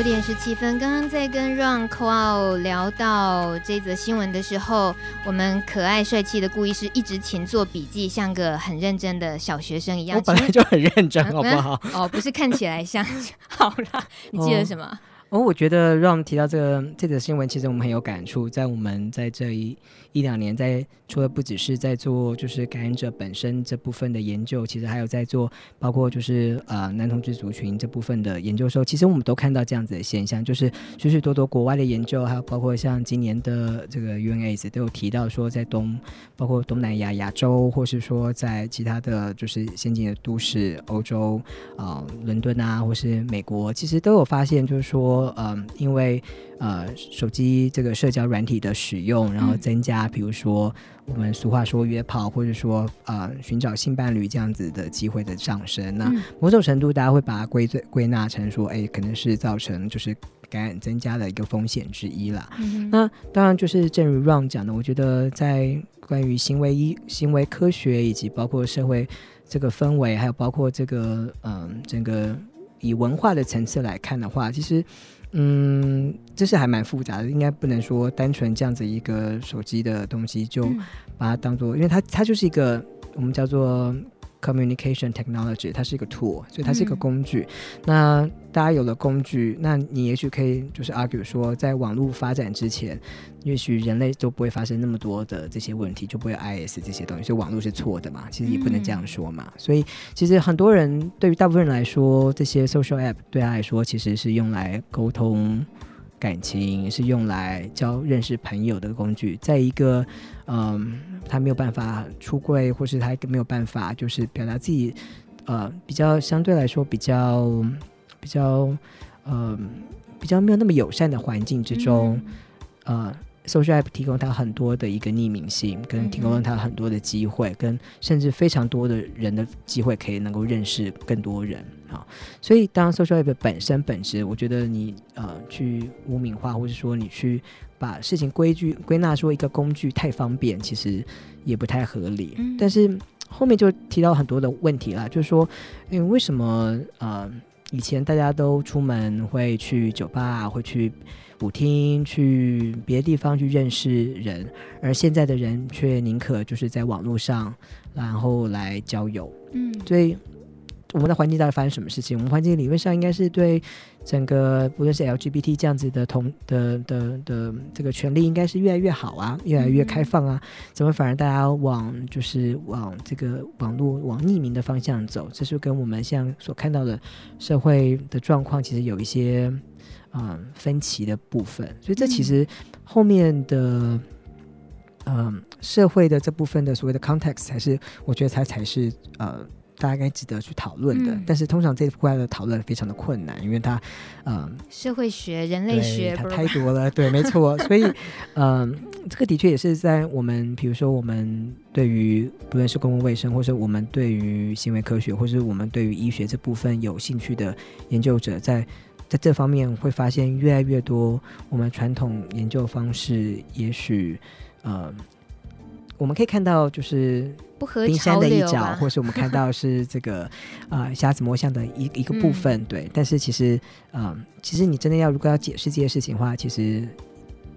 九點十七分，剛剛在跟 Ron Call 聊到這則新聞的時候，我們可愛帥氣的顧醫師一直勤做筆記，像個很認真的小學生一樣。我本來就很認真，呃、好不好？哦，不是，看起來像 好啦。你記得什麼？嗯哦，我覺得讓我們提到這個這則、個、新聞，其實我們很有感觸。在我們在這一一兩年在，在除了不只是在做就是感染者本身這部分的研究，其實還有在做包括就是呃男同志族群這部分的研究的時候，其實我們都看到這樣子的現象，就是許許、就是、多多國外的研究，還有包括像今年的這個 UNAIDS 都有提到說，在東包括東南亞、亞洲，或是說在其他的就是先進的都市、歐洲啊、呃、倫敦啊，或是美國，其實都有發現，就是說。嗯，因為呃，手機這個社交軟體的使用，然後增加，嗯、比如說我們俗話說約炮，或者說呃尋找性伴侶這樣子的機會的上升，那某種程度大家會把它歸罪歸納成說，哎，可能是造成就是感染增加的一個風險之一啦。嗯、哼那當然就是正如 Ron、um、講的，我覺得在關於行為醫、行為科學以及包括社會這個氛圍，還有包括這個嗯整個。以文化的層次來看的話，其實，嗯，這是還蠻複雜的，應該不能說單純這樣子一個手機的東西就把它當做，嗯、因為它它就是一個我們叫做。Communication technology，它是一個 tool，所以它是一個工具。嗯、那大家有了工具，那你也許可以就是 argue 說，在網絡發展之前，也許人類就不會發生那麼多的這些問題，就不會 is 這些東西。所以網絡是錯的嘛？其實也不能這樣說嘛。嗯、所以其實很多人，對於大部分人來說，這些 social app 對他來說其實是用來溝通。感情是用來交認識朋友的工具，在一個，嗯、呃，他沒有辦法出櫃，或是他沒有辦法，就是表達自己，呃，比較相對來說比較比較，嗯、呃，比較沒有那麼友善的環境之中，嗯嗯呃，social app 提供他很多的一個匿名性，跟提供了他很多的機會，嗯嗯跟甚至非常多的人的機會，可以能夠認識更多人。好，所以當 social app 本身本質，我覺得你呃去污名化，或者說你去把事情規矩歸納說一個工具太方便，其實也不太合理。嗯、但是後面就提到很多的問題啦，就是說，為、欸、為什麼呃以前大家都出門會去酒吧、會去舞廳、去別的地方去認識人，而現在的人卻寧可就是在網絡上，然後來交友。嗯，所以。我們的環境到底發生什麼事情？我們環境理論上應該是對整個，無論是 LGBT 這樣子的同的的的這個權利，應該是越來越好啊，越來越開放啊，嗯、怎麼反而大家往就是往這個網絡往匿名的方向走？這是跟我們現在所看到的社會的狀況其實有一些嗯、呃、分歧的部分。所以這其實後面的嗯、呃、社會的這部分的所謂的 context 才是，我覺得它才是呃。大家應該值得去討論的，嗯、但是通常這一塊的討論非常的困難，因為它，嗯、呃，社會學、人類學它太多了， 對，沒錯。所以，嗯、呃，這個的確也是在我們，比如說我們對於不論是公共衛生，或是我們對於行為科學，或是我們對於醫學這部分有興趣的研究者，在在這方面會發現越來越多，我們傳統研究方式也許，呃，嗯。我們可以看到，就是冰山的一角，或是我們看到是這個啊、 呃，瞎子摸象的一一個部分，嗯、對。但是其實，嗯、呃，其實你真的要如果要解釋這些事情的話，其實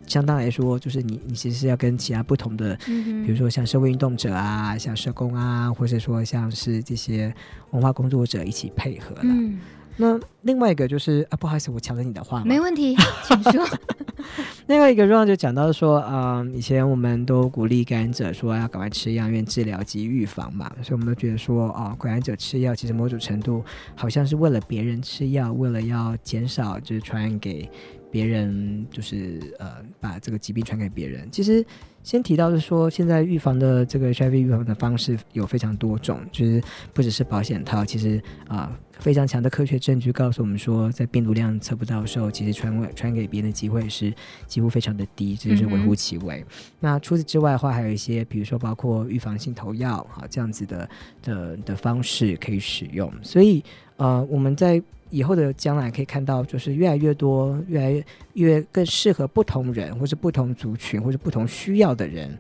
相當來說，就是你你其實是要跟其他不同的，比如說像社會運動者啊，像社工啊，或者說像是這些文化工作者一起配合的。嗯那另外一個就是啊，不好意思，我搶了你的話。沒問題，請說。另外 一個 r o n 就講到說啊、嗯，以前我們都鼓勵感染者說要趕快吃藥，因為治療及預防嘛，所以我們都覺得說啊，感染者吃藥其實某種程度好像是為了別人吃藥，為了要減少就是傳染給別人，就是呃把這個疾病傳給別人，其實。先提到的是說，現在預防的這個 HIV 預防的方式有非常多種，就是不只是保險套，其實啊、呃，非常強的科學證據告訴我們說，在病毒量測不到的時候，其實傳傳給別人的機會是幾乎非常的低，就是微乎其微。嗯嗯。那除此之外的話，還有一些，比如說包括預防性投藥，啊，這樣子的的的方式可以使用。所以，呃，我們在以後的將來可以看到，就是越來越多、越來越、越來越更適合不同人，或者不同族群，或者不同需要的人，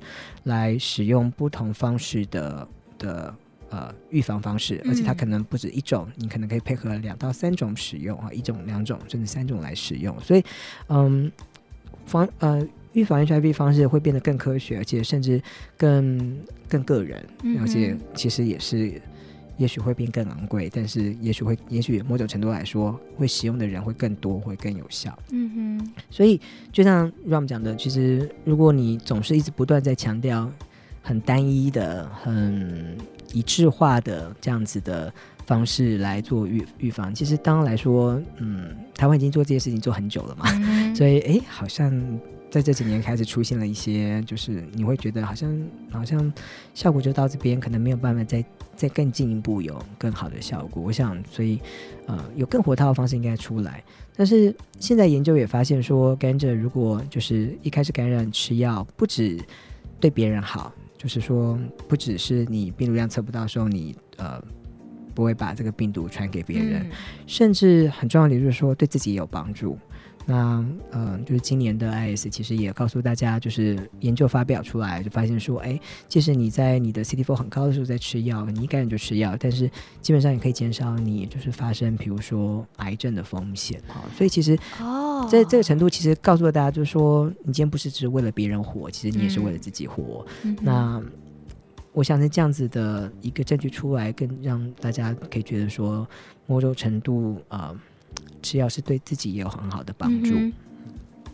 來使用不同方式的的呃預防方式，而且它可能不止一種，你可能可以配合兩到三種使用啊，一種、兩種甚至三種來使用。所以，嗯，防呃預防 HIV 方式會變得更科學，而且甚至更更個人，而且其實也是。也許會變得更昂貴，但是也許會，也許某種程度來說，會使用的人會更多，會更有效。嗯哼，所以就像 Rom、um、講的，其實如果你總是一直不斷在強調很單一的、很一致化的這樣子的方式來做預預防，其實當然來說，嗯，台灣已經做這些事情做很久了嘛，嗯、哼所以哎、欸，好像。在這幾年開始出現了一些，就是你會覺得好像好像效果就到這邊，可能沒有辦法再再更進一步有更好的效果。我想，所以呃有更活套的方式應該出來。但是現在研究也發現說，甘蔗如果就是一開始感染吃藥，不止對別人好，就是說不只是你病毒量測不到的時候，你呃不會把這個病毒傳給別人，嗯、甚至很重要的就是說對自己有幫助。那嗯、呃，就是今年的 IS 其實也告訴大家，就是研究發表出來就發現說，哎，即使你在你的 CD4 很高的時候在吃藥，你一感染就吃藥，但是基本上也可以減少你就是發生比如說癌症的風險，哦，所以其實哦，在這個程度其實告訴了大家，就是說你今天不是只是為了別人活，其實你也是為了自己活。嗯嗯、那我想是這樣子的一個證據出來，更讓大家可以覺得說，某種程度啊。呃吃藥是對自己也有很好的幫助、嗯。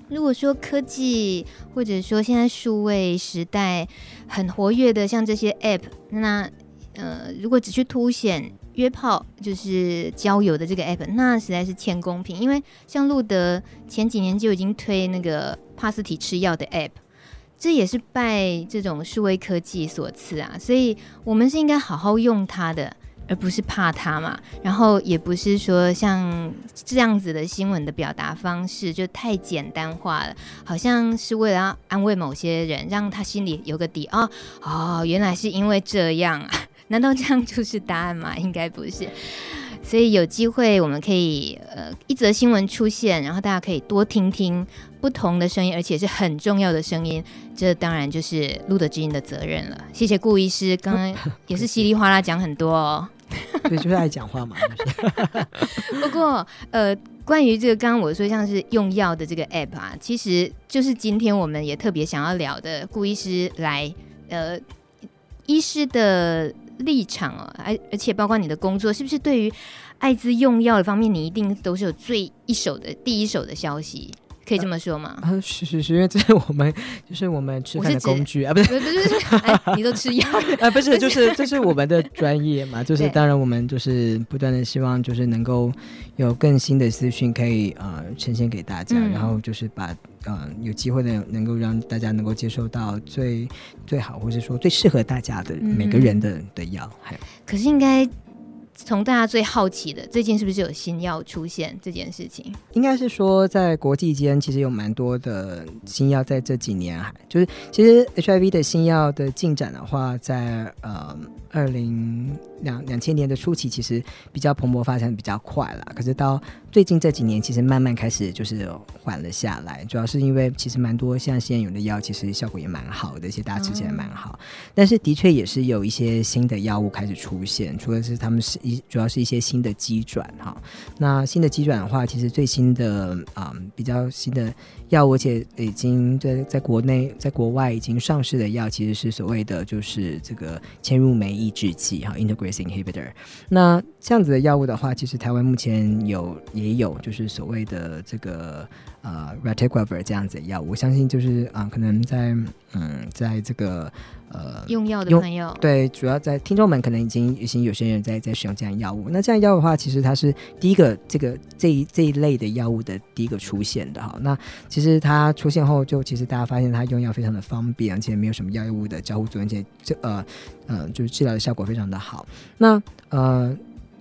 如果說科技，或者說現在數位時代很活躍的，像這些 App，那呃，如果只去凸顯約炮就是交友的這個 App，那實在是欠公平。因為像露德前幾年就已經推那個帕斯提吃藥的 App，這也是拜這種數位科技所賜啊。所以我們是應該好好用它的。而不是怕他嘛，然後也不是說像這樣子的新聞的表達方式就太簡單化了，好像是為了要安慰某些人，讓他心裡有個底哦。哦，原來是因為這樣啊，難道這樣就是答案嗎？應該不是，所以有機會我們可以呃，一則新聞出現，然後大家可以多聽聽不同的聲音，而且是很重要的聲音，這當然就是露德知音的責任了。謝謝顧醫師，剛剛也是稀里嘩啦講很多哦。 對，就是愛講話嘛。 不過，呃，關於這個剛剛我說像是用藥的這個 app 啊，其實就是今天我們也特別想要聊的顧醫師來，呃，醫師的立場哦，而而且包括你的工作，是不是對於艾滋用藥的方面，你一定都是有最一手的第一手的消息？可以這麼說嗎？啊，啊，是是是，因為這是我們，就是我們吃飯的工具啊，不是不是,不是、 哎，你都吃藥啊？不是，就是這是我們的專業嘛， 就是當然我們就是不斷的希望，就是能夠有更新的資訊可以呃,呃呈現給大家，嗯、然後就是把呃有機會的能夠讓大家能夠接受到最最好，或是說最適合大家的每個人的的藥。嗯、可是應該。從大家最好奇的，最近是不是有新藥出現這件事情，應該是說在國際間其實有蠻多的新藥在這幾年，還就是其實 HIV 的新藥的進展的話在，在呃。二零兩兩千年的初期，其實比較蓬勃發展，比較快了。可是到最近這幾年，其實慢慢開始就是緩了下來，主要是因為其實蠻多像現有的藥，其實效果也蠻好的，一些大家吃起來蠻好。嗯、但是的確也是有一些新的藥物開始出現，除了是他們是一主要是一些新的機轉哈、哦。那新的機轉的話，其實最新的啊、嗯，比較新的。藥，而且已經在在國內、在國外已經上市的藥，其實是所謂的就是這個嵌入酶抑制劑，哈，integrase inhibitor。那這樣子的藥物的話，其實台灣目前有也有，就是所謂的這個。呃 Raltegravir 這樣子的藥物，我相信就是啊、呃，可能在嗯，在這個呃用藥的朋友用，對，主要在聽眾們可能已經已經有些人在在使用這樣藥物。那這樣藥物的話，其實它是第一個這個這一這一類的藥物的第一個出現的哈。那其實它出現後，就其實大家發現它用藥非常的方便，而且沒有什麼藥物的交互作用，而且這呃嗯、呃、就是治療的效果非常的好。那呃，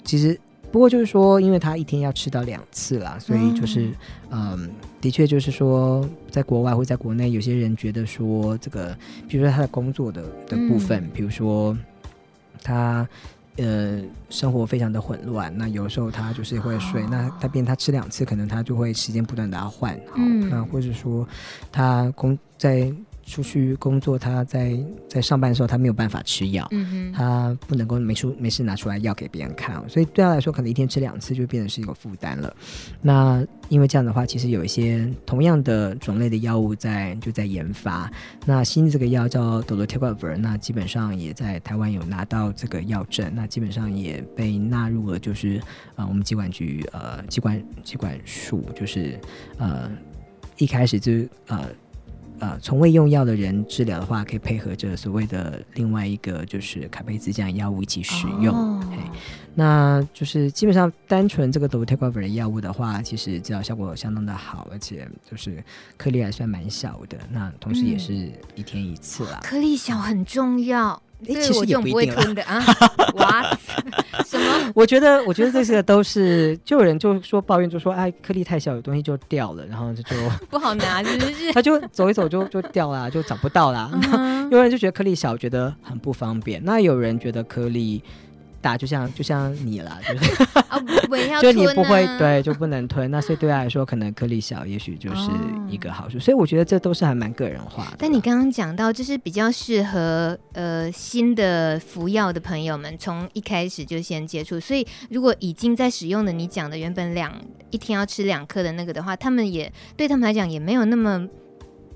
其實。不過就是說，因為他一天要吃到兩次啦，所以就是，嗯，嗯，的確就是說，在國外或在國內，有些人覺得說，這個比如說他的工作的的部分，比、嗯、如說他呃生活非常的混亂，那有時候他就是會睡，啊、那他變他吃兩次，可能他就會時間不斷的要換好，嗯、那或者說他工在。出去工作，他在在上班的時候，他沒有辦法吃藥，嗯哼，他不能夠沒出沒事拿出來藥給別人看，哦，所以對他來說，可能一天吃兩次就變成是一個負擔了。那因為這樣的話，其實有一些同樣的種類的藥物在就在研發，那新這個藥叫 Dolutegravir，那基本上也在台灣有拿到這個藥證，那基本上也被納入了，就是啊、呃，我們疾管局呃疾管疾管署，就是呃一開始就呃。呃，從未用藥的人治療的話，可以配合着所謂的另外一個，就是卡貝茲這樣藥物一起使用。哦嘿那就是基本上單純這個 Dolutegravir 的藥物的話，其實治療效果相當的好，而且就是顆粒還算蠻小的。那同時也是一天一次啊。嗯、顆粒小很重要，嗯欸、對我用不，不會吞的啊。What? 什麼？我覺得我覺得這些都是，就有人就說抱怨，就說哎，顆粒太小，有東西就掉了，然後就，就 不好拿是不是，就 是他就走一走就就掉了，就找不到了。Uh huh. 有人就覺得顆粒小，覺得很不方便。那有人覺得顆粒。 打就像就像你了，就是啊要啊、 就你不會對就不能吞，那所以對他來，來說可能顆粒小，也許就是一個好處。哦、所以我覺得這都是還蠻個人化的。但你剛剛講到，就是比較適合呃新的服藥的朋友們，從一開始就先接觸。所以如果已經在使用的，你講的原本兩一天要吃兩顆的那個的話，他們也對他們來講也沒有那麼。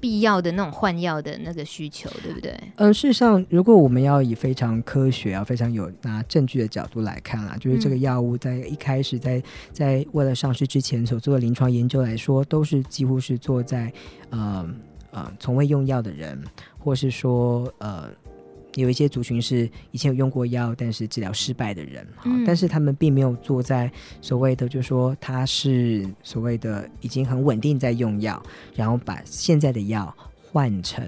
必要的那種換藥的那個需求，對不對？嗯、呃，事實上，如果我們要以非常科學啊、非常有拿證據的角度來看啊，就是這個藥物在一開始在在為了上市之前所做的臨床研究來說，都是幾乎是做在嗯啊從未用藥的人，或是說呃。有一些族群是以前有用過藥，但是治療失敗的人，嗯、但是他們並沒有坐在所謂的，就是說他是所謂的已經很穩定在用藥，然後把現在的藥換成。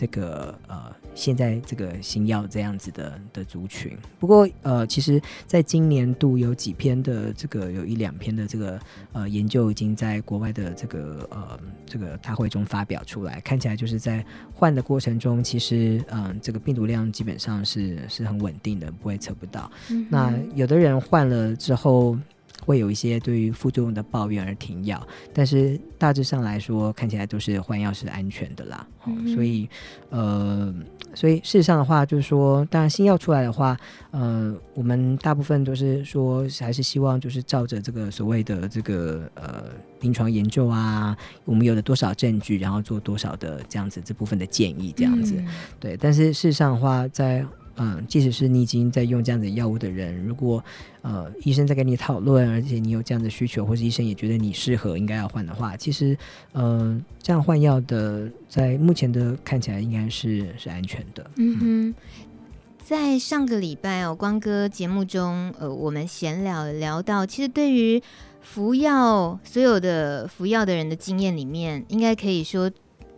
這個呃，現在這個新藥這樣子的的族群，不過呃，其實在今年度有幾篇的這個有一兩篇的這個呃研究已經在國外的這個呃這個大會中發表出來，看起來就是在換的過程中，其實嗯、呃，這個病毒量基本上是是很穩定的，不會測不到。嗯哼。那有的人換了之後。會有一些對於副作用的抱怨而停藥，但是大致上來說，看起來都是換藥是安全的啦。嗯、所以，呃，所以事實上的話，就是說，當然新藥出來的話，呃，我們大部分都是說，還是希望就是照着這個所謂的這個呃臨床研究啊，我們有了多少證據，然後做多少的這樣子這部分的建議這樣子。嗯、對，但是事實上的話，在嗯，即使是你已經在用這樣子藥物的人，如果，呃，醫生在跟你討論，而且你有這樣的需求，或是醫生也覺得你適合應該要換的話，其實，嗯、呃，這樣換藥的，在目前的看起來應該是是安全的。嗯，嗯哼，在上個禮拜哦，光哥節目中，呃，我們閒聊聊到，其實對於服藥所有的服藥的人的經驗裡面，應該可以說，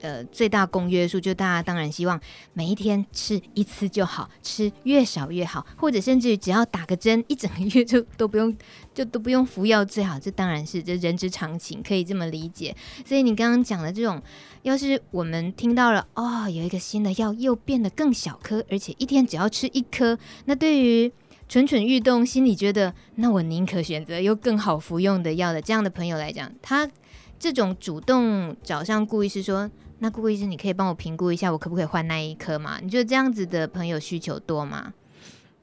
呃，最大公約數就大家當然希望每一天吃一次就好，吃越少越好，或者甚至於只要打個針，一整個月就都不用，就都不用服藥最好。這當然是這人之常情，可以這麼理解。所以你剛剛講的這種，要是我們聽到了哦，有一個新的藥又變得更小顆，而且一天只要吃一顆，那對於蠢蠢欲動、心裡覺得那我寧可選擇又更好服用的藥的這樣的朋友來講，他這種主動找上，故意是說。那顧顧醫生，你可以幫我評估一下，我可不可以換那一顆嗎？你覺得這樣子的朋友需求多嗎？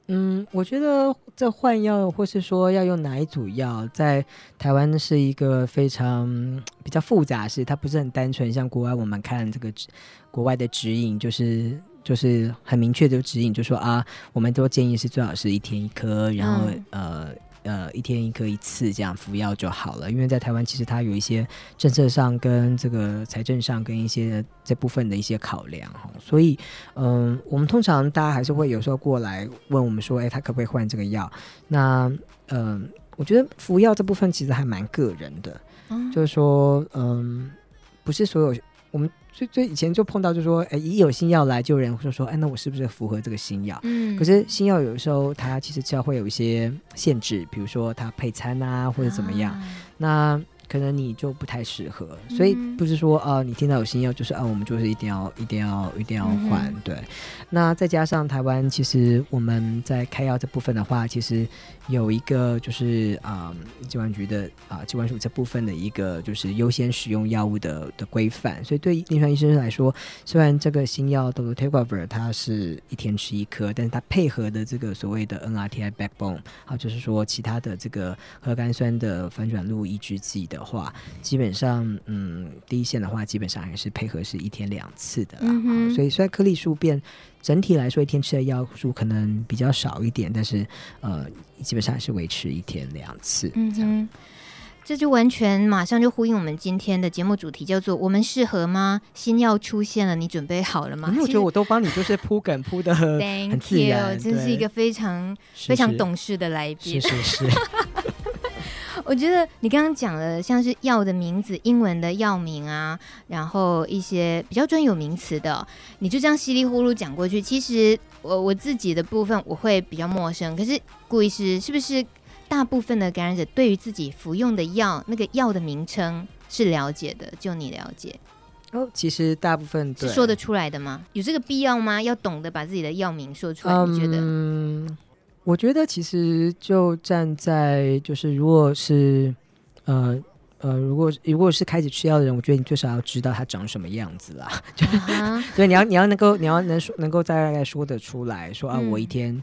嗯，我覺得這換藥或是說要用哪一組藥，在台灣是一個非常比較複雜的事，它不是很單純。像國外，我們看這個國外的指引，就是就是很明確的指引，就說啊，我們都建議是最好是一天一顆，然後、嗯、呃。呃，一天一顆一次這樣服藥就好了，因為在台灣其實它有一些政策上跟這個財政上跟一些這部分的一些考量，所以嗯、呃，我們通常大家還是會有時候過來問我們說，哎、欸，他可不可以換這個藥？那嗯、呃，我覺得服藥這部分其實還蠻個人的，嗯、就是說嗯、呃，不是所有。我們最最以前就碰到，就說誒、哎，一有新藥來，就人就說哎，那我是不是符合這個新藥？嗯，可是新藥有的時候它其實就會會有一些限制，比如說它配餐啊或者怎麼樣，啊、那可能你就不太適合。所以不是說啊、呃，你聽到有新藥就是啊、呃，我們就是一定要、一定要、一定要換。嗯、哼對，那再加上台灣，其實我們在開藥這部分的話，其實。有一個就是、嗯、啊，疾管局的啊，疾管署這部分的一個就是優先使用藥物的的規範，所以對臨床醫生來說，雖然這個新藥叫做 Tegapar 它是一天吃一顆，但是它配合的這個所謂的 NRTI backbone 啊，就是說其他的這個核苷酸的反轉錄抑制劑的話，基本上嗯，第一線的話基本上也是配合是一天兩次的啦，嗯哼嗯、所以雖然顆粒數變。整體來說，一天吃的藥數可能比較少一點，但是、呃，基本上還是維持一天兩次。嗯，這就完全馬上就呼應我們今天的節目主題，叫做“我們適合嗎？”新藥出現了，你準備好了嗎？沒有、嗯、我覺得我都幫你就是鋪梗鋪得很，Thank you。真是一個非常非常懂事的來賓。是是，是是。 我覺得你剛剛講的像是藥的名字、英文的藥名啊，然後一些比較專有名詞的、哦，你就這樣稀里糊塗講過去。其實我我自己的部分我會比較陌生，可是顧醫師是不是大部分的感染者對於自己服用的藥那個藥的名稱是了解的？就你了解哦？其實大部分是說得出來的嗎？有這個必要嗎？要懂得把自己的藥名說出來，嗯、你覺得？嗯我覺得其實就站在就是，如果是，呃呃，如果如果是開始吃藥的人，我覺得你最少要知道他長什麼樣子啦，uh huh. 對，你要你要能夠你要能說能夠大概說得出來，說啊，嗯、我一天。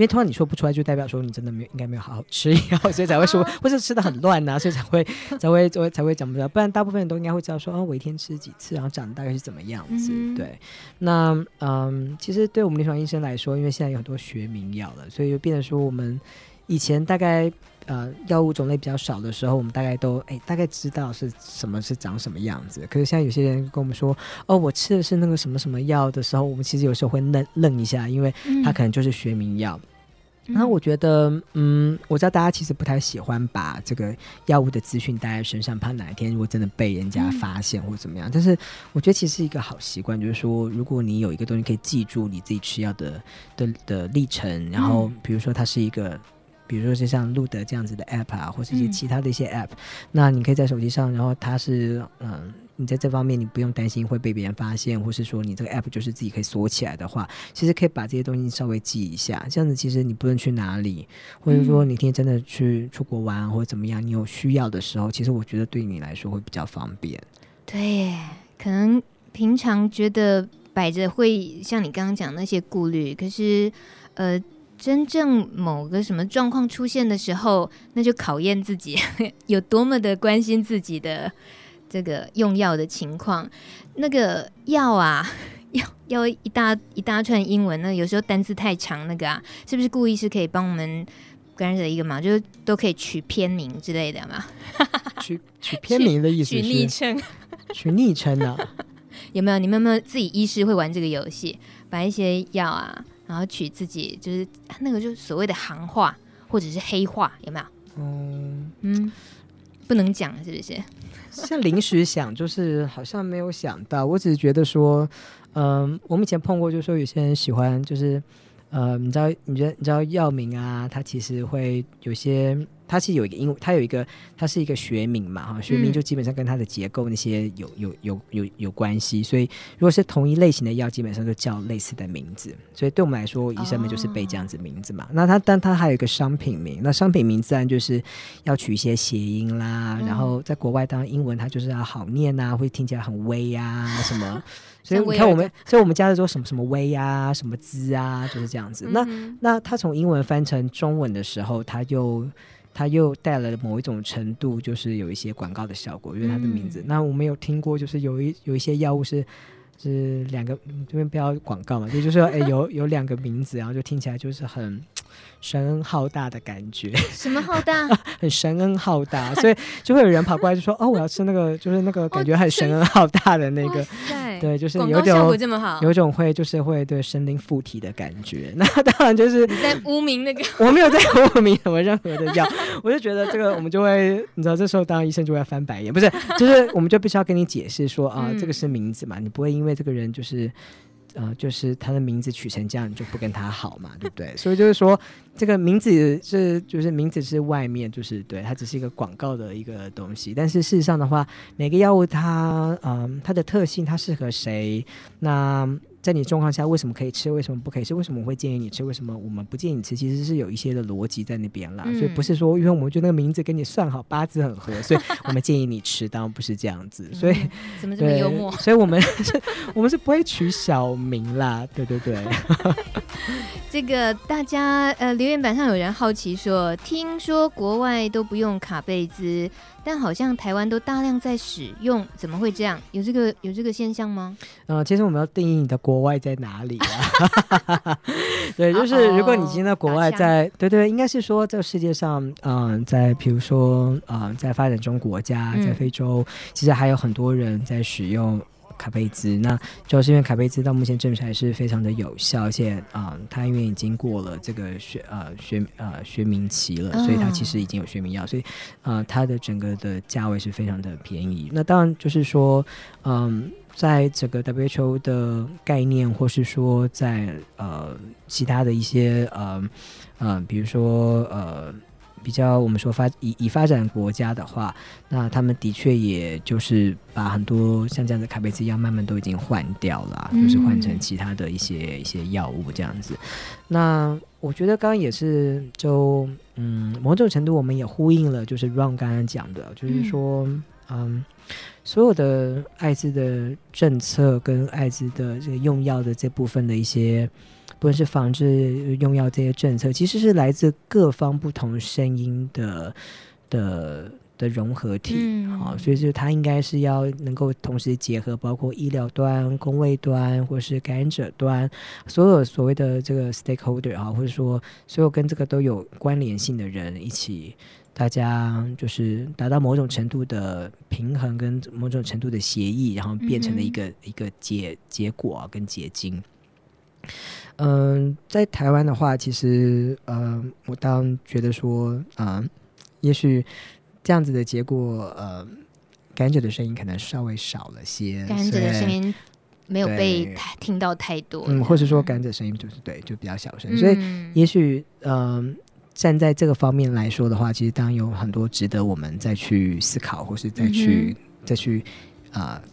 因為通常你說不出來，就代表說你真的沒應該沒有好好吃藥，所以才會說， 或是吃的很亂吶、啊，所以才會才會才會才會講不出來。不然大部分人都應該會知道說，哦、啊，我一天吃幾次，然後長大概是怎麼樣子。嗯、對，那嗯，其實對我們臨床醫生來說，因為現在有很多學名藥了，所以就變得說我們以前大概呃藥物種類比較少的時候，我們大概都哎大概知道是什麼是長什麼樣子。可是現在有些人跟我們說，哦，我吃的是那個什麼什麼藥的時候，我們其實有時候會愣愣一下，因為它可能就是學名藥。嗯那我覺得，嗯，我知道大家其實不太喜歡把這個藥物的資訊帶在身上，怕哪一天如果真的被人家發現或者怎麼樣。嗯、但是我覺得其實是一個好習慣，就是說，如果你有一個東西可以記住你自己吃藥的的的、的歷程，然後比如說它是一個，嗯、比如說是像露德這樣子的 app 啊，或者一些其他的一些 app、嗯、那你可以在手機上，然後它是嗯。你在這方面，你不用擔心會被別人發現，或是說你這個 app 就是自己可以鎖起來的話，其實可以把這些東西稍微記一下。這樣子，其實你不論去哪裡，或者說你今天真的去出國玩或者怎麼樣，你有需要的時候，其實我覺得對你來說會比較方便。對，可能平常覺得擺着會像你剛剛講那些顧慮，可是呃，真正某個什麼狀況出現的時候，那就考驗自己，呵呵，有多麼的關心自己的。這個用藥的情況，那個藥啊，要要一大一大串英文，那有時候單字太長，那個啊，是不是顧醫師可以幫我們 g r 一個忙，就是都可以取偏名之類的嘛？取取偏名的意思 取昵稱取昵稱的有沒有？你們有沒有自己醫師會玩這個遊戲，把一些藥啊，然後取自己就是那個就是所謂的行話或者是黑話，有沒有？嗯嗯。嗯不能講是不是，是？像臨時想，就是好像沒有想到。 我只是覺得說，嗯、呃，我們以前碰過，就是說有些人喜歡，就是。呃，你知道，你覺得你知道藥名啊？它其實會有些，它其實有一個英文，它有一個，它是一個學名嘛，哈，學名就基本上跟它的結構那些有有有有有關係。所以如果是同一類型的藥，基本上都叫類似的名字。所以對我們來說，醫生們就是背這樣子名字嘛。哦、那它，但它還有一個商品名。那商品名自然就是要取一些諧音啦。嗯、然後在國外，當然英文它就是要好念啊，會聽起來很威呀、啊、什麼。 所以你看我們，啊、所以我們加的都什麼什麼威啊，什麼滋啊，就是這樣子。嗯、哼那那他從英文翻成中文的時候，他又他又帶了某一種程度，就是有一些廣告的效果，因、就、為、是、他的名字。嗯、那我們有聽過，就是有一有一些藥物是、就是兩個這邊不要廣告嘛，就就是說哎、欸、有有兩個名字，然後就聽起來就是很 神恩浩大的感覺。什麼浩大？ 很神恩浩大，所以就會有人跑過來就說 哦，我要吃那個，就是那個感覺很神恩浩大的那個。 對，就是有種，廣告效果這麼好，有種會就是會對神靈附體的感覺。那當然就是在污名那個，我沒有在污名什麼任何的藥。 我就覺得這個我們就會，你知道，這時候當然醫生就會翻白眼，不是，就是我們就必須要跟你解釋說啊，呃嗯、這個是名字嘛，你不會因為這個人就是。呃，就是他的名字取成這樣，你就不跟他好嘛，對不對？ 所以就是說，這個名字是，就是名字是外面，就是對他只是一個廣告的一個東西，但是事實上的話，每個藥物它，嗯、呃，它的特性，它適合誰，那。在你狀況下為什麼可以吃，為什麼不可以吃？為什麼我會建議你吃？為什麼我們不建議你吃？其實是有一些的邏輯在那邊啦，嗯、所以不是說因為我們就那個名字跟你算好八字很合，所以我們建議你吃， 當然不是這樣子。所以、嗯、怎麼這麼幽默？所以我們 我們是不會取小名啦，對對對。 這個大家呃留言板上有人好奇說，聽說國外都不用卡貝茲。但好像台灣都大量在使用，怎麼會這樣？有這個有這個現象嗎？呃，其實我們要定義你的國外在哪裡啊？ 對，就是如果你今天在國外在，哦哦在槍對，對對，應該是說這個世界上，嗯、呃，在比如說，嗯、呃，在發展中國家，在非洲，嗯、其實還有很多人在使用。卡貝茲，那主要是因為卡貝茲到目前證實還是非常的有效，而且啊、嗯，它因為已經過了這個學啊、呃、學啊、呃、學名期了，所以它其實已經有學名藥，所以啊、呃，它的整個的價位是非常的便宜。那當然就是說，嗯，在整個 WHO 的概念，或是說在呃其他的一些呃呃，比如說呃。比較我們說發以以發展國家的話，那他們的確也就是把很多像這樣的卡貝司一樣，慢慢都已經換掉了，就是換成其他的一些一些藥物這樣子。嗯、那我覺得剛剛也是就嗯某種程度我們也呼應了，就是 Ron 剛剛講的，就是說嗯，嗯所有的艾滋的政策跟艾滋的這個用藥的這部分的一些。不論是防治用藥這些政策，其實是來自各方不同聲音的的的融合體、嗯、啊，所以就它應該是要能夠同時結合，包括醫療端、工位端或是感染者端，所有所謂的這個 stakeholder 啊，或者說所有跟這個都有關聯性的人一起，大家就是達到某種程度的平衡，跟某種程度的協議，然後變成了一個、嗯、一個結結果跟結晶。嗯、呃，在台灣的話，其實、呃，我當覺得說，嗯、呃，也許這樣子的結果，呃，感染者的聲音可能稍微少了些，感染者的聲音沒有被聽到太多，嗯，或者說感染者聲音就是對，就比較小聲，嗯、所以也許，也許，嗯，站在這個方面來說的話，其實當然有很多值得我們再去思考，或是再去、嗯、哼再去，啊、呃。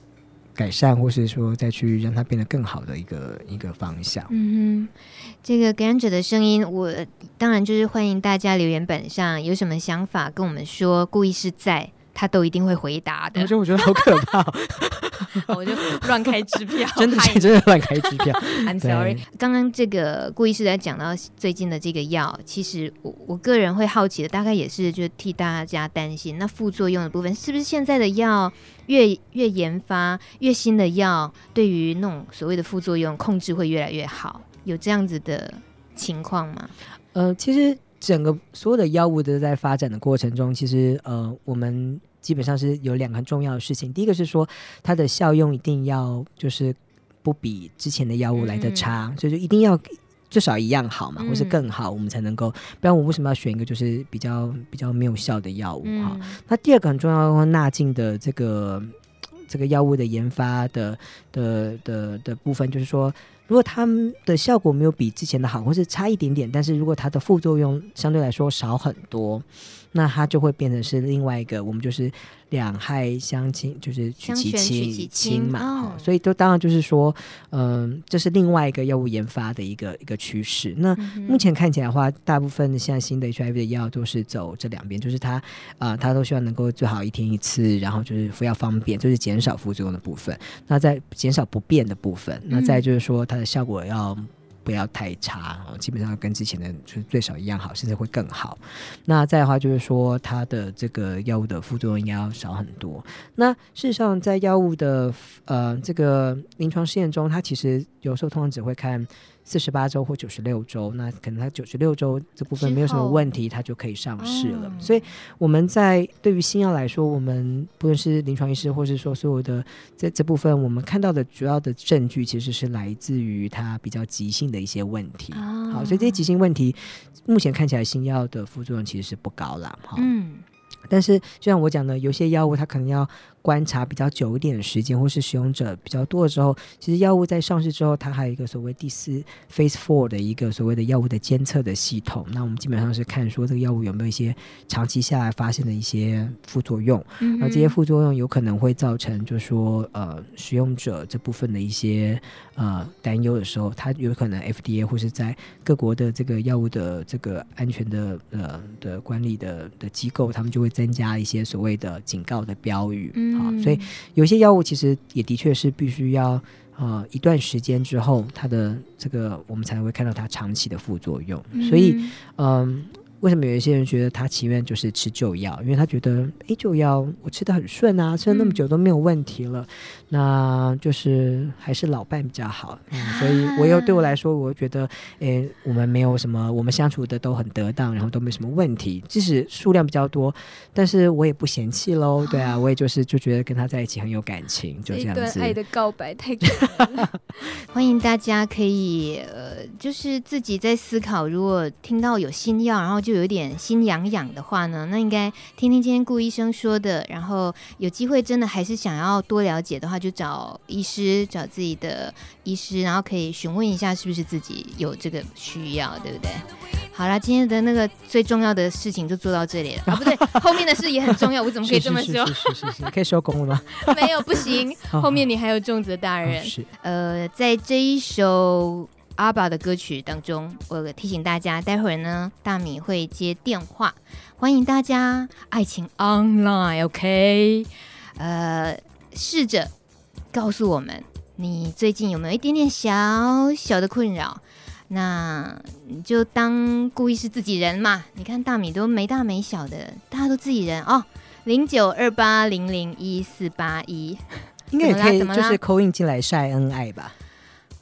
改善，或是說再去讓它變得更好的一個一個方向。嗯哼，這個感染者的聲音，我當然就是歡迎大家留言板上有什麼想法跟我們說。故意是在。他都一定會回答的。我覺得，我覺得好可怕。我就亂開支票 真，真的，真的亂開支票。 I'm sorry 對。剛剛這個顧醫師在講到最近的這個藥，其實我我個人會好奇的，大概也是就是替大家擔心，那副作用的部分，是不是現在的藥越越，越研發越新的藥，對於那種所謂的副作用控制會越來越好？有這樣子的情況嗎？呃，其實整個所有的藥物都在發展的過程中，其實呃我們。基本上是有兩個很重要的事情，第一個是說它的效用一定要就是不比之前的藥物來的差，嗯、所以就一定要至少一樣好嘛，嗯、或是更好，我們才能夠，不然我為什麼要選一個就是比較比較沒有效的藥物哈、嗯啊？那第二個很重要的話，納進的這個這個藥物的研發的的的的、的部分，就是說如果它的效果沒有比之前的好，或是差一點點，但是如果它的副作用相對來說少很多。那它就會變成是另外一個，我們就是兩害相權就是取其輕。輕嘛、哦哦，所以都當然就是說，嗯、呃，這是另外一個藥物研發的一個一個趨勢。那目前看起來的話，嗯、哼大部分現在新的 HIV 的藥都是走這兩邊，就是它啊、呃，它都希望能夠最好一天一次，然後就是服藥方便，就是減少副作用的部分。那在減少不變的部分，那再就是說，它的效果要不要太差啊，基本上跟之前的就是最少一樣好，甚至會更好。那再來的話就是說，它的這個藥物的副作用應該要少很多。那事實上，在藥物的呃這個臨床試驗中，它其實有時候通常只會看。四十八周或九十六周，那可能它九十六周這部分沒有什麼問題，它後就可以上市了。嗯、所以我們在對於新藥來說，我們不論是臨床醫師，或是說所有的這這部分，我們看到的主要的證據其實是來自於它比較急性的一些問題。哦、好，所以這些急性問題，目前看起來新藥的副作用其實是不高了。哈，嗯，但是就像我講的，有些藥物它可能要。觀察比較久一點的時間，或是使用者比較多的時候，其實藥物在上市之後，它還有一個所謂第四 phase four 的一個所謂的藥物的監測的系統。那我們基本上是看說這個藥物有沒有一些長期下來發現的一些副作用，嗯哼。而這些副作用有可能會造成，就是說呃使用者這部分的一些呃擔憂的時候，它有可能 FDA 或是在各國的這個藥物的這個安全的呃的管理的的機構，他們就會增加一些所謂的警告的標語。嗯所以有些藥物其實也的確是必須要啊、呃、一段時間之後，它的這個我們才會看到它長期的副作用。嗯、所以，嗯、呃。為什麼有一些人覺得他情願就是吃舊藥？因為他覺得，哎、欸，舊藥我吃得很順啊，吃了那麼久都沒有問題了，嗯、那就是還是老伴比較好。嗯啊、所以我又對我來說，我覺得，哎、欸，我們沒有什麼，我們相處的都很得當，然後都沒什麼問題。即使數量比較多，但是我也不嫌棄嘍。啊對啊，我也就是就覺得跟他在一起很有感情，就這樣子。一、欸、愛的告白太感人 歡迎大家可以，呃，就是自己在思考，如果聽到有新藥，然後。就有點心癢癢的話呢，那應該聽聽今天顧醫生說的。然後有機會真的還是想要多了解的話，就找醫師，找自己的醫師，然後可以詢問一下是不是自己有這個需要，對不對？好啦，今天的那個最重要的事情就做到這裡了啊！不對，後面的事也很重要， 我怎麼可以這麼說？ 是，是，是，是是是，可以收工了嗎？ 沒有，不行，後面你還有重責大人。是，呃，在這一首。阿爸的歌曲當中，我提醒大家，待會兒呢，大米會接電話，歡迎大家愛情 online，OK，okay？呃，試着告訴我們你最近有沒有一點點小小的困擾，那你就當故意是自己人嘛。你看大米都沒大沒小的，大家都自己人哦。零九二八零零一四八一，應該也可以，就是 call in 進來曬恩愛吧。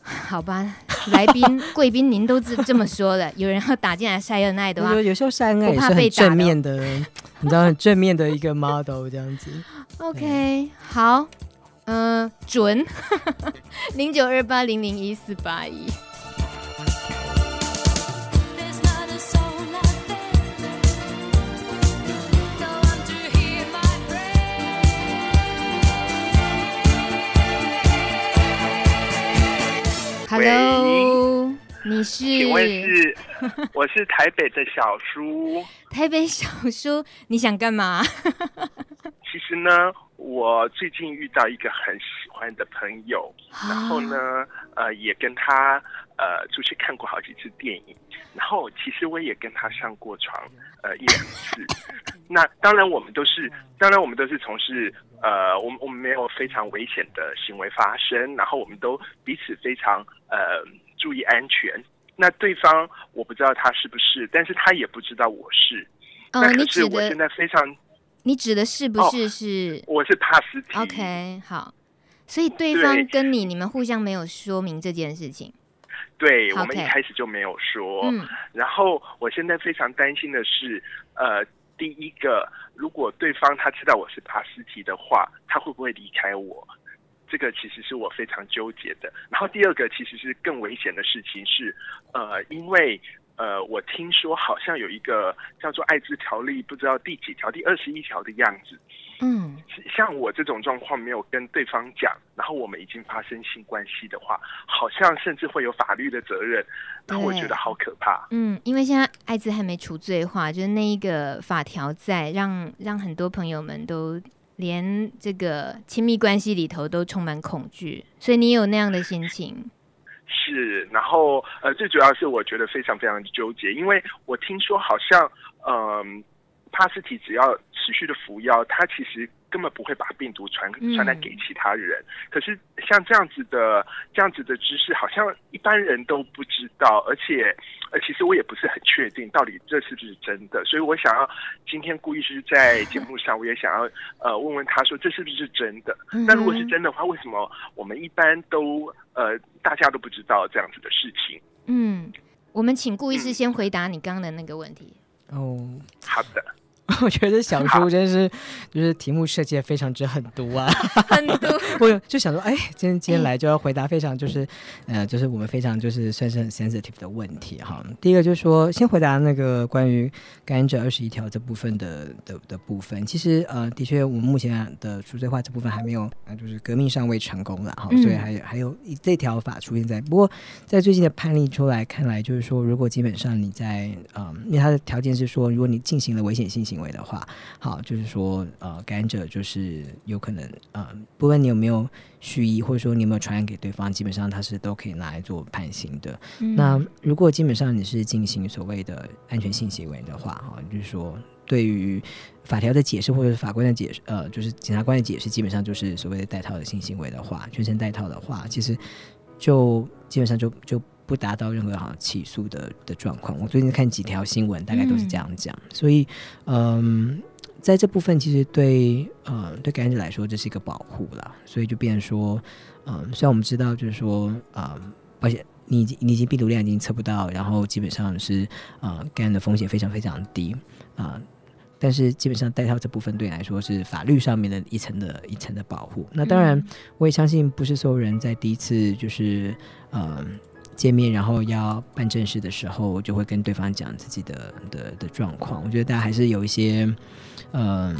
好吧，來賓貴賓您都是這麼說的。 有人要打進來曬恩愛的話，有時候曬恩愛也是很正面的，你知道，正面的一個 model 這樣子。OK，對好，嗯、呃，準，零九二八零零一四八一。Hello, 喂，你是？請問是？我是台北的小叔。 台北小叔，你想幹嘛？ 其實呢，我最近遇到一個很喜歡的朋友， 然後呢，呃，也跟他。呃，出去看過好幾次電影，然後其實我也跟他上過床，呃，一兩次。 那當然，我們都是當然，我們都是從事呃，我們我們沒有非常危險的行為發生，然後我們都彼此非常呃注意安全。那對方我不知道他是不是，但是他也不知道我是。哦，你指的，我現在非常你。你指的是不是是？哦、我是怕死。OK，好。所以對方對跟你，你們互相沒有說明這件事情。對我們一開始就沒有說，okay, 嗯、然後我現在非常擔心的是，呃，第一個，如果對方他知道我是帕斯提的話，他會不會離開我？這個其實是我非常糾結的。然後第二個其實是更危險的事情是，呃，因為呃，我聽說好像有一個叫做《艾滋條例》，不知道第幾條，第二十一條的樣子。嗯，像我這種狀況沒有跟對方講，然後我們已經發生性關係的話，好像甚至會有法律的責任，然後我覺得好可怕。嗯，因為現在艾滋還沒除罪化，就是那一個法條在讓讓很多朋友們都連這個親密關係裡頭都充滿恐懼，所以你有那樣的心情？是，然後呃，最主要是我覺得非常非常糾結，因為我聽說好像嗯。呃帕斯提只要持續的服藥，他其實根本不會把病毒傳傳染給其他人。嗯、可是像這樣子的，這樣子的知識，好像一般人都不知道。而且，呃，其實我也不是很確定到底這是不是真的。所以我想要今天顧醫師在節目上，我也想要呃問問他說這是不是，是真的？那如果是真的話，嗯，為什麼我們一般都呃大家都不知道這樣子的事情？嗯，我們請顧醫師先回答你剛剛的那個問題。哦，嗯，好，oh. 的。 我覺得小豬真是，就是題目設計非常之狠毒啊！很毒！我就想說，哎，今天今天來就要回答非常就是，嗯、呃，就是我們非常就是算是很 sensitive 的問題哈。第一個就是說，先回答那個關於感染者二十一條這部分的的的部分。其實呃，的確，我們目前的除罪化這部分還沒有，呃、就是革命尚未成功了哈，好嗯，所以還還有一這條法出現在。不過在最近的判例出來看來，就是說，如果基本上你在，嗯、呃、因為它的條件是說，如果你進行了危險性行，行為的話，好，就是說，呃，感染者就是有可能，呃，不管你有沒有蓄意，或者說你有沒有傳染給對方，基本上他是都可以拿來做判刑的。嗯、那如果基本上你是進行所謂的安全性行為的話，哈，就是說對於法條的解釋，或者是法官的解釋，呃，就是檢察官的解釋，基本上就是所謂的帶套的性行為的話，全程帶套的話，其實就基本上就就。不達到任何好像起訴的的狀況，我最近看幾條新聞，大概都是這樣講，嗯、所以，嗯，在這部分其實對，呃，對感染者來說，這是一個保護啦。所以就變成說，嗯、呃，雖然我們知道就是說，啊、呃，而且你已經你已經病毒量已經測不到，然後基本上是，啊、呃，感染的風險非常非常低，啊、呃，但是基本上戴套這部分對你來說是法律上面的一層的一層的保護。嗯、那當然，我也相信不是所有人在第一次就是，嗯、呃。見面，然後要辦正事的時候，我就會跟對方講自己的的、的狀況。我覺得大家還是有一些，嗯、呃，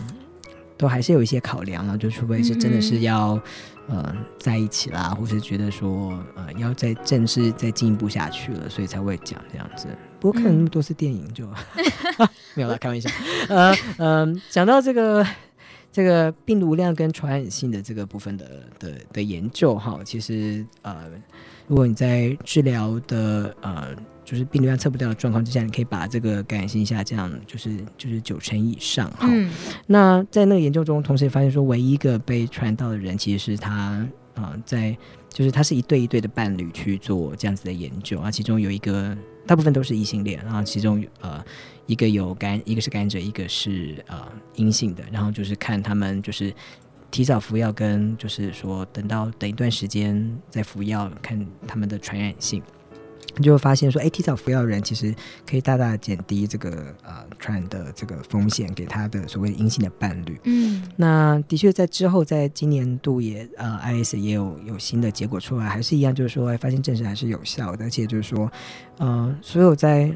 都還是有一些考量了。就除、是、非是真的是要，呃，在一起啦，或是覺得說，呃，要再正式再進一步下去了，所以才會講這樣子。不過看那麼多次電影就、嗯 啊、沒有啦，開玩笑。呃，嗯、呃，講到這個。這個病毒量跟傳染性的這個部分的的的，的研究哈，其實呃，如果你在治療的呃，就是病毒量測不到的狀況之下，你可以把這個感染性下降，就是，就是就是九成以上哈。嗯、那在那個研究中，同時也發現說，唯一一個被傳染到的人其實是他啊、呃，在就是他是一對一對的伴侶去做這樣子的研究啊，其中有一個大部分都是異性戀然後，啊、其中呃。一個有感，一個是感染者，一個是，一個是呃陰性的。然後就是看他們，就是提早服藥跟就是說等到等一段時間再服藥，看他們的傳染性，嗯、你就會發現說，哎，提早服藥的人其實可以大大減低這個呃傳染的這個風險給他的所謂陰性的伴侶。嗯，那的確在之後在今年度也呃 I S 也有有新的結果出來，還是一樣就是說發現證實還是有效的，而且就是說，呃，所有在。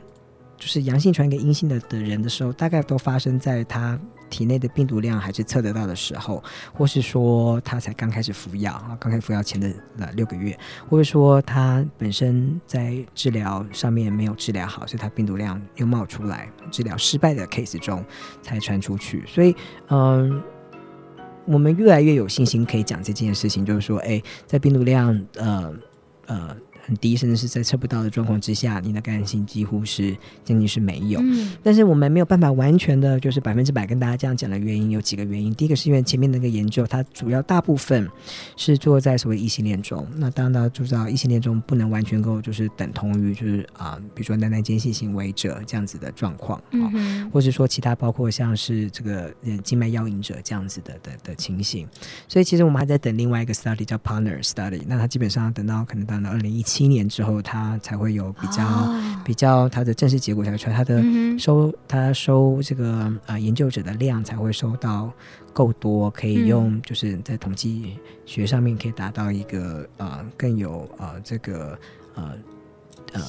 就是陽性傳給陰性的的人的時候，大概都發生在他體內的病毒量還是測得到的時候，或是說他才剛開始服藥啊，剛開始服藥前的六個月，或者說他本身在治療上面沒有治療好，所以他病毒量又冒出來，治療失敗的 case 中才傳出去。所以，嗯、呃，我們越來越有信心可以講這件事情，就是說，誒、欸，在病毒量，呃，呃。很低，甚至是在測不到的狀況之下，你的感染性幾乎是將近是沒有。嗯、但是我們沒有辦法完全的，就是百分之百跟大家這樣講的原因有幾個原因。第一個是因為前面的那個研究，它主要大部分是做在所謂異性戀中。那當然大家都知道，異性戀中不能完全夠就是等同於就是啊、呃，比如說男男間性行為者這樣子的狀況，哦嗯、哼或是說其他包括像是這個靜脈藥癮者這樣子的的的情形。所以其實我們還在等另外一個 study 叫 study 叫 Partner Study。那它基本上等到可能到了二零一七。七年之後，他才會有比較、哦、比較他的正式結果才會出來，他的收、嗯、哼他收這個啊、呃、研究者的量才會收到夠多，可以用就是在統計學上面可以達到一個啊、嗯呃、更有啊、呃、這個啊。呃呃，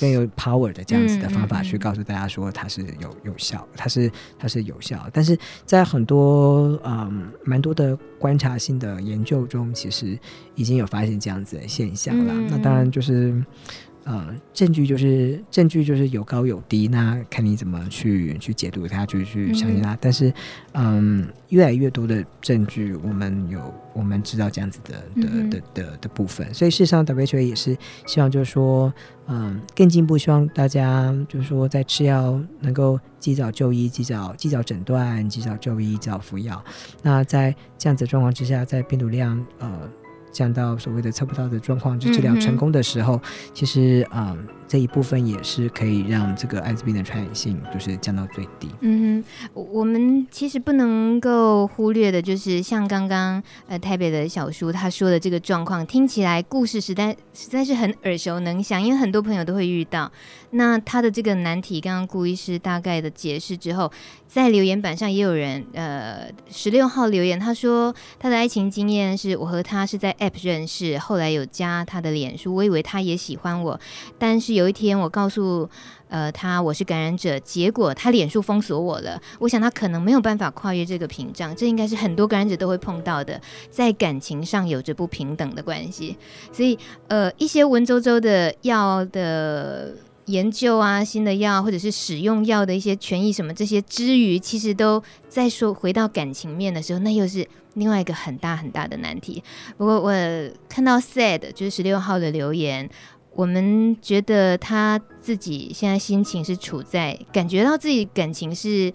更有 power 的這樣子的方法去告訴大家說它是有有效，它是它是有效，但是在很多嗯蠻多的觀察性的研究中，其實已經有發現這樣子的現象了。嗯、那當然就是。呃、嗯，證據就是證據就是有高有低，那看你怎麼去去解讀它，去去相信它。嗯、但是，嗯，越來越多的證據，我們有我們知道這樣子的的的的的，的部分。嗯、所以，事實上 WHO 也是希望，就是說，嗯，更進一步，希望大家就是說，在吃藥能夠及早就醫、及早、及早診斷、及早就醫、及早服藥。那在這樣子的狀況之下，在病毒量呃。降到所謂的測不到的狀況，就治療成功的時候，嗯、哼其實啊。嗯這一部分也是可以讓這個艾滋病的傳染性就是降到最低。嗯，我們其實不能夠忽略的，就是像剛剛呃台北的小叔他說的這個狀況，聽起來故事實在實在是很耳熟能詳，因為很多朋友都會遇到。那他的這個難題，剛剛顧醫師大概的解釋之後，在留言板上也有人呃十六號留言，他說他的愛情經驗是我和他是在 App 認識，後來有加他的臉書，我以為他也喜歡我，但是有。有一天，我告訴呃他我是感染者，結果他臉書封鎖我了。我想他可能沒有辦法跨越這個屏障，這應該是很多感染者都會碰到的，在感情上有着不平等的關係。所以呃，一些文縐縐的藥的研究啊、新的藥或者是使用藥的一些權益什麼這些之餘，其實都在說回到感情面的時候，那又是另外一個很大很大的難題。不過我看到 Sad 就是十六號的留言。我們覺得他自己現在心情是處在感覺到自己感情是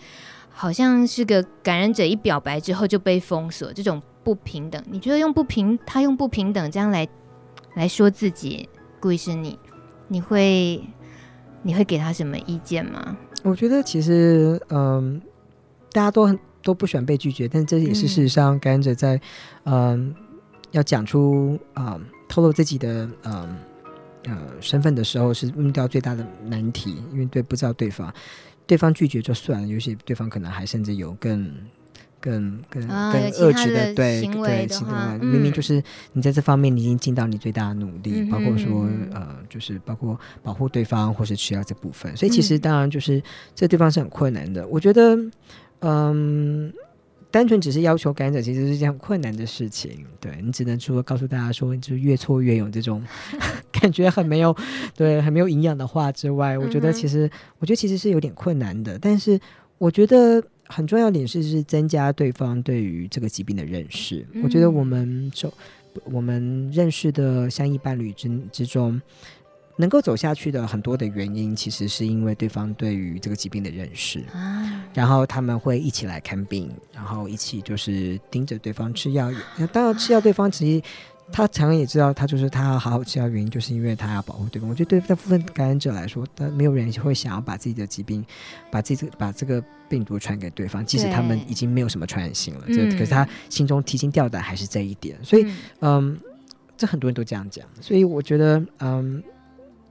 好像是個感染者，一表白之後就被封鎖，這種不平等。你覺得用不平，他用不平等這樣來來說自己，顧醫師，你你會你會給他什麼意見嗎？我覺得其實嗯、呃，大家都很都不喜歡被拒絕，但這也是事實上，感染者在嗯、呃、要講出啊、呃，透露自己的嗯。呃呃，身份的時候是遇到最大的難題，因為對不知道對方，對方拒絕就算了，尤其對方可能還甚至有更、更、更、啊、更惡質的對對行為。其嗯、明明就是你在這方面你已經盡到你最大的努力，嗯、哼包括說呃，就是包括保護對方或是需要這部分。所以其實當然就是這地方是很困難的。嗯、我覺得，嗯。單純只是要求感染者其實是一件很困難的事情，對，你只能除了告訴大家說就是越挫越勇這種感覺很沒有， 對，很沒有營養的話之外，我覺得其實我覺得其實是有點困難的。但是我覺得很重要的點是是增加對方對於這個疾病的認識。嗯、我覺得我們就我們認識的相異伴侶之之中。能夠走下去的很多的原因，其實是因為對方對於這個疾病的認識，啊、然後他們會一起來看病，然後一起就是盯着對方吃藥。當然、啊，吃藥對方其實他常常也知道，他就是他要好好吃藥，原因就是因為他要保護對方。我覺得對大部分感染者來說，他沒有人會想要把自己的疾病、把自己的把這個病毒傳給對方，對即使他們已經沒有什麼傳染性了、嗯。可是他心中提心吊膽還是這一點。所以，嗯，嗯這很多人都這樣講。所以，我覺得，嗯。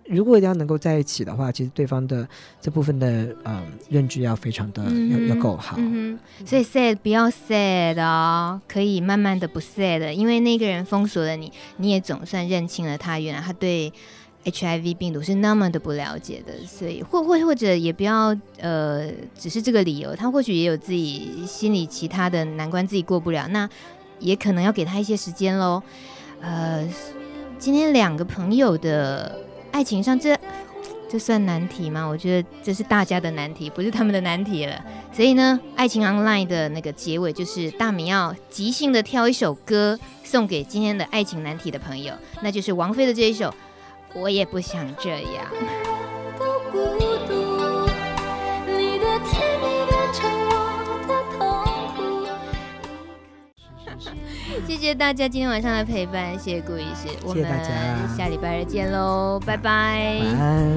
如果要能夠在一起的話，其實對方的這部分的、呃、認知要非常的、嗯、哼要要夠好。嗯、所以 sad 不要 sad 的、哦，可以慢慢的不 sad 的，因為那個人封鎖了你，你也總算認清了他，原來他對 HIV 病毒是那麼的不了解的。所以，或或或者也不要呃，只是這個理由，他或許也有自己心裡其他的難關自己過不了，那也可能要給他一些時間嘍。呃，今天兩個朋友的。愛情上這這算難題嗎？我覺得這是大家的難題，不是他們的難題了。所以呢，愛情 online 的那個結尾就是大米要即興的挑一首歌送給今天的愛情難題的朋友，那就是王菲的這一首《我也不想這樣》。謝謝大家今天晚上的陪伴，謝謝顧醫師，謝謝我們下禮拜二見嘍，嗯、拜拜，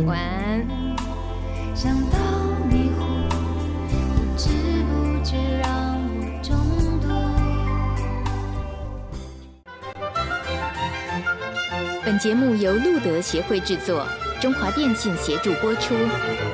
晚安。想到迷糊，不知不覺讓我中毒。本節目由露德協會製作，中華電信協助播出。嗯嗯嗯